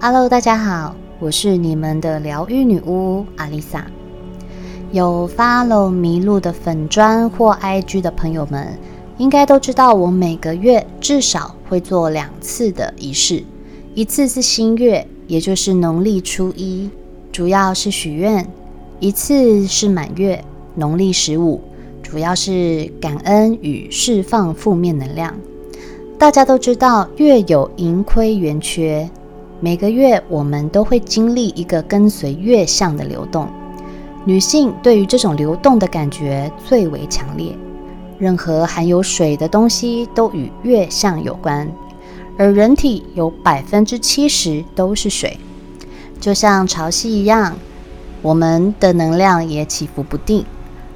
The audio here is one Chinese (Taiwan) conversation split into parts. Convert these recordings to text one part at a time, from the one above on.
Hello，大家好，我是你們的療癒女巫阿麗 a 有 follow 迷路的粉磚或 IG 的朋友們，應該都知道我每個月至少會做兩次的儀式，一次是新月，也就是農曆初一，主要是許願；一次是滿月，農曆十五，主要是感恩與釋放負面能量。大家都知道，月有盈虧圓缺。每個月，我們都會經歷一個跟隨月相的流動。女性對於這種流動的感覺最為強烈。任何含有水的東西都與月相有關，而人體有百分之七十都是水，就像潮汐一樣，我們的能量也起伏不定。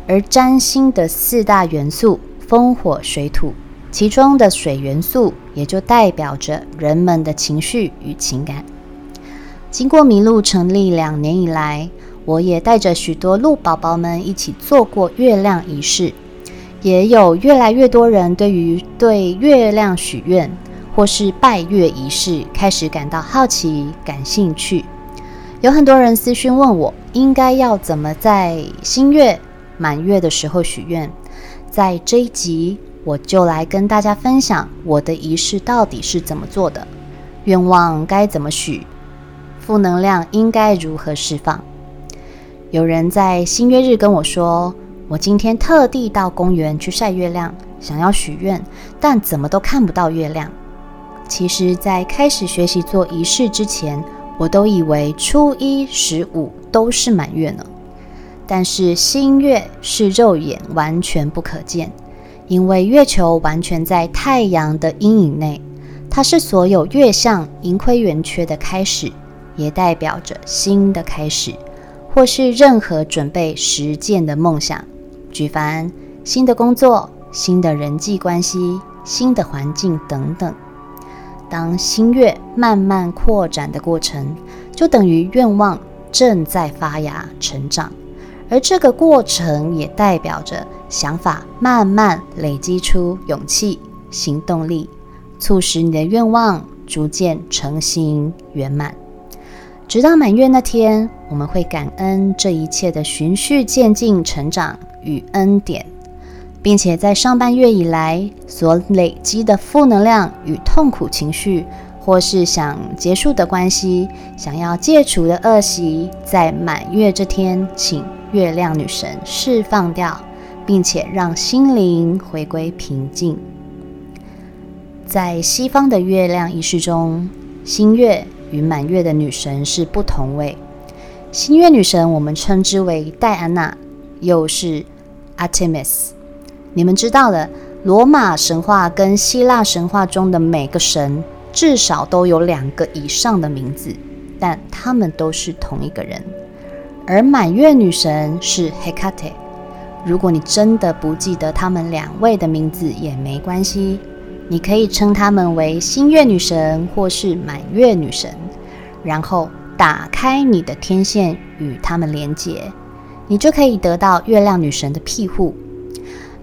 而占星的四大元素：風、火、水、土。其中的水元素也就代表着人們的情緒與情感。經過麋鹿成立兩年以來，我也帶着許多鹿寶寶們一起做過月亮儀式，也有越來越多人對於對月亮許願或是拜月儀式開始感到好奇、感興趣。有很多人私訊問我，應該要怎麼在新月、滿月的時候許願？在這一集，我就來跟大家分享我的儀式到底是怎麼做的，願望該怎麼許，負能量應該如何釋放。有人在新月日跟我說，我今天特地到公園去曬月亮，想要許願，但怎麼都看不到月亮。其實，在開始學習做儀式之前，我都以為初一、十五都是滿月呢。但是新月是肉眼完全不可見。因為月球完全在太陽的陰影內，它是所有月相盈虧圓缺的開始，也代表着新的開始，或是任何準備實踐的夢想，舉凡新的工作、新的人際關係、新的環境等等。當新月慢慢擴展的過程，就等於願望正在發芽成長。而這個過程也代表着想法慢慢累積出勇氣、行動力，促使你的願望逐漸成型圓滿。直到滿月那天，我們會感恩這一切的循序漸進成長與恩典，並且在上半月以來所累積的負能量與痛苦情緒，或是想結束的關係、想要戒除的惡習，在滿月這天，請。月亮女神釋放掉，並且讓心靈回歸平靜。在西方的月亮儀式中，新月與滿月的女神是不同位。新月女神我們稱之為戴安娜，又是 Artemis。你們知道了，羅馬神話跟希臘神話中的每個神至少都有兩個以上的名字，但他們都是同一個人。而滿月女神是 Hecate，如果你真的不記得她們兩位的名字也沒關係，你可以稱她們為新月女神或是滿月女神。然後打開你的天線與她們連接，你就可以得到月亮女神的庇護。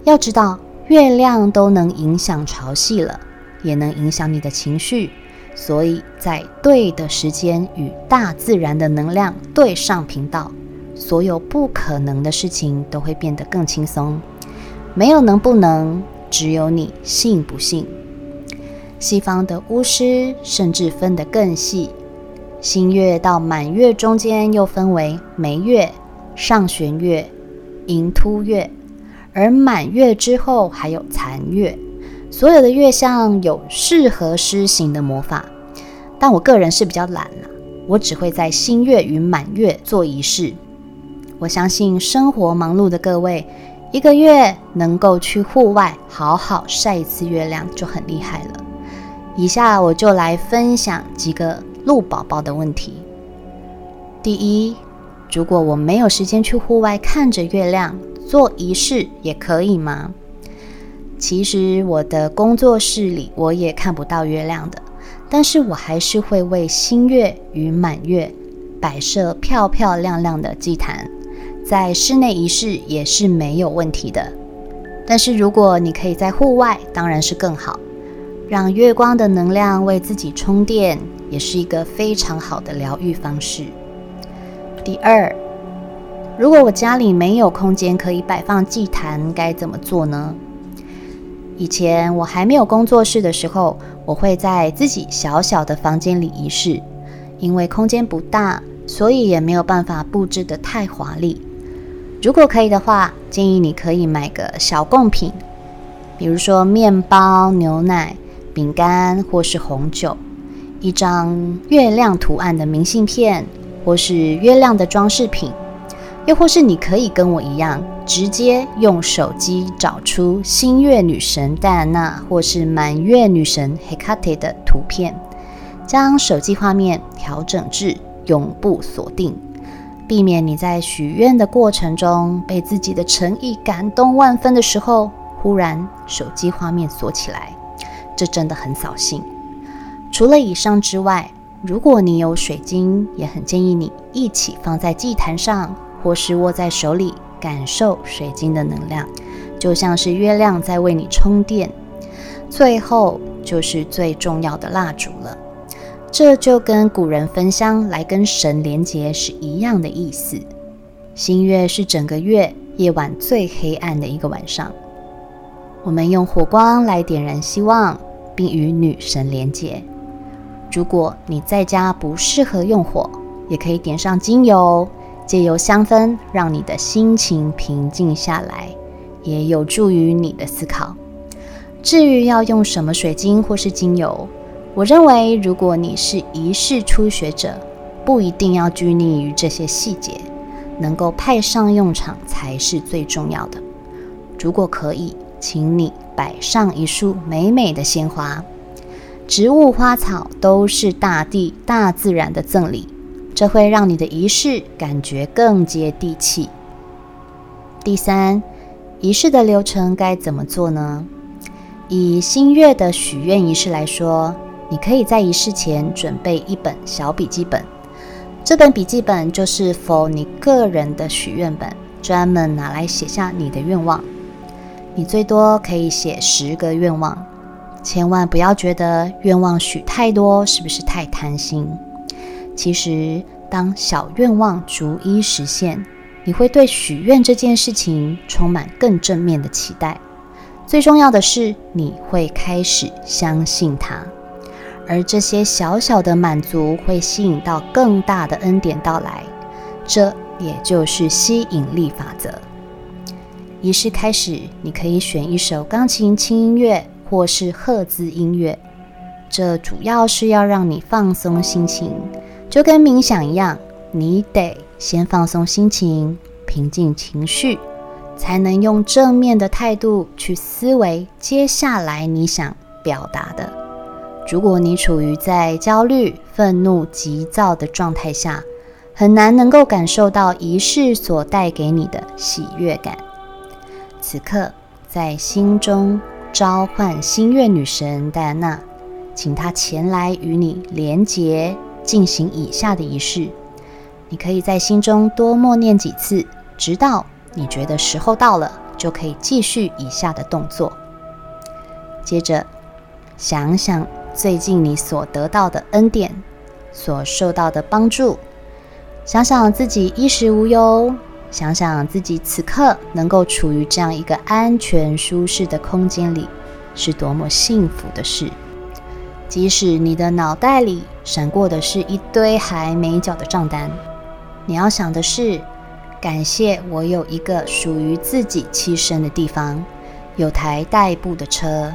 要知道，月亮都能影響潮汐了，也能影響你的情緒。所以在對的時間與大自然的能量對上頻道，所有不可能的事情都會變得更輕鬆。沒有能不能，只有你信不信。西方的巫師甚至分得更細，新月到滿月中間又分為眉月、上弦月、盈凸月，而滿月之後還有殘月。所有的月相，有適合施行的魔法，但我個人是比較懶啦、啊，我只會在新月與滿月做儀式。我相信生活忙碌的各位，一個月能夠去戶外好好曬一次月亮就很厲害了。以下我就來分享幾個鹿寶寶的問題。第一，如果我沒有時間去戶外看着月亮做儀式，也可以嗎？其實我的工作室裡我也看不到月亮的，但是我還是會為新月與滿月擺設漂漂亮亮的祭壇，在室內儀式也是沒有問題的。但是如果你可以在戶外，當然是更好。讓月光的能量為自己充電，也是一個非常好的療癒方式。第二，如果我家裡沒有空間可以擺放祭壇，該怎麼做呢？以前我還沒有工作室的時候，我會在自己小小的房間裡儀式，因為空間不大，所以也沒有辦法佈置得太華麗。如果可以的話，建議你可以買個小貢品，比如說麵包、牛奶、餅乾，或是紅酒，一張月亮圖案的明信片，或是月亮的裝飾品。又或是你可以跟我一樣，直接用手機找出新月女神戴安娜，或是滿月女神 Hecate 的圖片，將手機畫面調整至永不鎖定，避免你在許願的過程中被自己的誠意感動萬分的時候，忽然手機畫面鎖起來，這真的很掃興。除了以上之外，如果你有水晶，也很建議你一起放在祭壇上。或是握在手裡感受水晶的能量，就像是月亮在為你充電。最後就是最重要的蠟燭了，這就跟古人焚香來跟神連接是一樣的意思。新月是整個月夜晚最黑暗的一個晚上，我們用火光來點燃希望，並與女神連接。如果你在家不適合用火，也可以點上精油。借由香氛，讓你的心情平靜下來，也有助於你的思考。至於要用什麼水晶或是精油，我認為如果你是儀式初學者，不一定要拘泥於這些細節，能夠派上用場才是最重要的。如果可以，請你擺上一束美美的鮮花，植物花草都是大地、大自然的贈禮。這會讓你的儀式感覺更接地氣。第三，儀式的流程該怎麼做呢？以新月的許願儀式來說，你可以在儀式前準備一本小筆記本，這本筆記本就是 for 你個人的許願本，專門拿來寫下你的願望。你最多可以寫十個願望，千萬不要覺得願望許太多，是不是太貪心？其實，當小願望逐一實現，你會對許願這件事情充滿更正面的期待。最重要的是，你會開始相信它，而這些小小的滿足會吸引到更大的恩典到來。這也就是吸引力法則。儀式開始，你可以選一首鋼琴輕音樂或是赫茲音樂，這主要是要讓你放鬆心情。就跟冥想一樣，你得先放鬆心情，平靜情緒，才能用正面的態度去思維接下來你想表達的。如果你處於在焦慮、憤怒、急躁的狀態下，很難能夠感受到儀式所帶給你的喜悅感。此刻，在心中召喚星月女神戴安娜，請她前來與你連結。進行以下的儀式，你可以在心中多默念幾次，直到你覺得時候到了，就可以繼續以下的動作。接着，想想最近你所得到的恩典，所受到的幫助，想想自己衣食無憂，想想自己此刻能夠處於這樣一個安全舒適的空間裡，是多麼幸福的事。即使你的腦袋裡，閃過的是一堆還沒繳的賬單，你要想的是感謝，我有一個屬於自己棲身的地方，有台代步的車，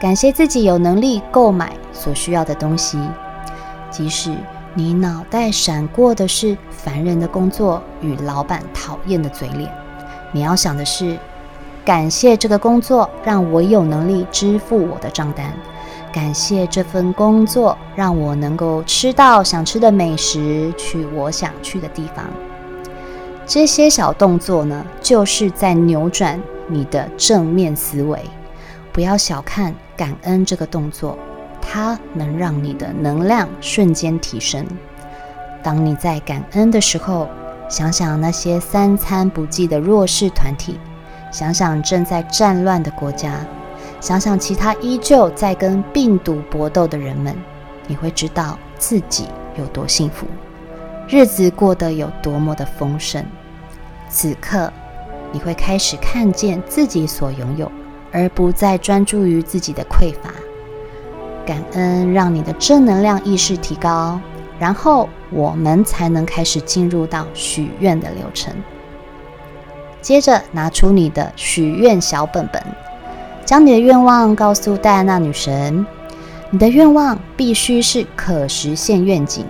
感謝自己有能力購買所需要的東西。即使你腦袋閃過的是煩人的工作與老闆討厭的嘴臉，你要想的是感謝這個工作讓我有能力支付我的賬單。感謝這份工作，讓我能夠吃到想吃的美食，去我想去的地方。這些小動作呢，就是在扭轉你的正面思維。不要小看感恩這個動作，它能讓你的能量瞬間提升。當你在感恩的時候，想想那些三餐不濟的弱勢團體，想想正在戰亂的國家。想想其他依舊在跟病毒搏鬥的人們，你會知道自己有多幸福，日子過得有多麼的豐盛。此刻，你會開始看見自己所擁有，而不再專注於自己的匱乏。感恩讓你的正能量意識提高，然後我們才能開始進入到許願的流程。接着拿出你的許願小本本。將你的願望告訴戴安娜女神，你的願望必須是可實現願景，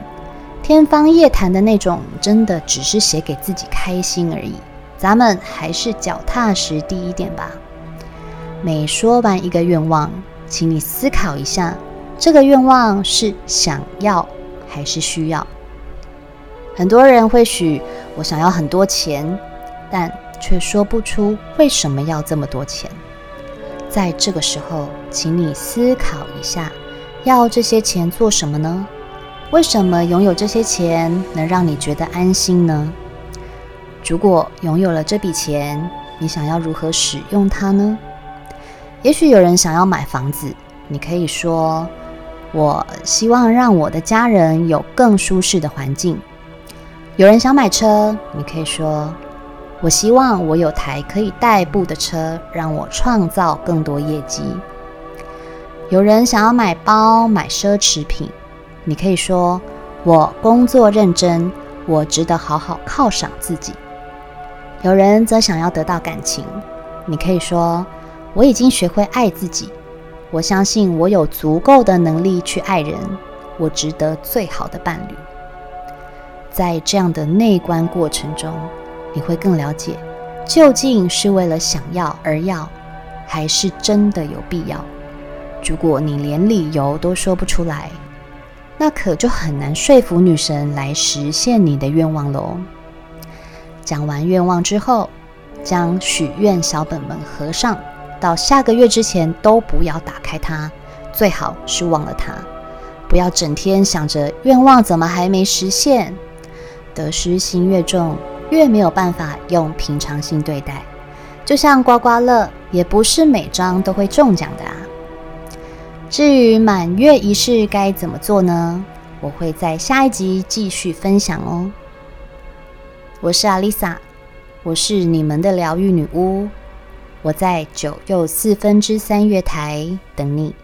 天方夜譚的那種，真的只是寫給自己開心而已。咱們還是腳踏實地一點吧。每說完一個願望，請你思考一下，這個願望是想要還是需要？很多人會許我想要很多錢，但卻說不出為什麼要這麼多錢。在這個時候，請你思考一下，要這些錢做什麼呢？為什麼擁有這些錢能讓你覺得安心呢？如果擁有了這筆錢，你想要如何使用它呢？也許有人想要買房子，你可以說：“我希望讓我的家人有更舒適的環境。”有人想買車，你可以說，我希望我有台可以代步的車，讓我創造更多業績。有人想要買包、買奢侈品，你可以說：“我工作認真，我值得好好犒賞自己。”有人則想要得到感情，你可以說：“我已經學會愛自己，我相信我有足夠的能力去愛人，我值得最好的伴侶。”在這樣的內觀過程中。你會更了解，究竟是為了想要而要，還是真的有必要？如果你連理由都說不出來，那可就很難說服女神來實現你的願望嘍。講完願望之後，將許願小本本合上，到下個月之前都不要打開它，最好是忘了它，不要整天想着願望怎麼還沒實現，得失心越重。越沒有辦法用平常心對待，就像刮刮樂，也不是每張都會中獎的啊。至於滿月儀式該怎麼做呢？我會在下一集繼續分享哦。我是阿麗薩，我是你們的療癒女巫，我在九又四分之三月台等你。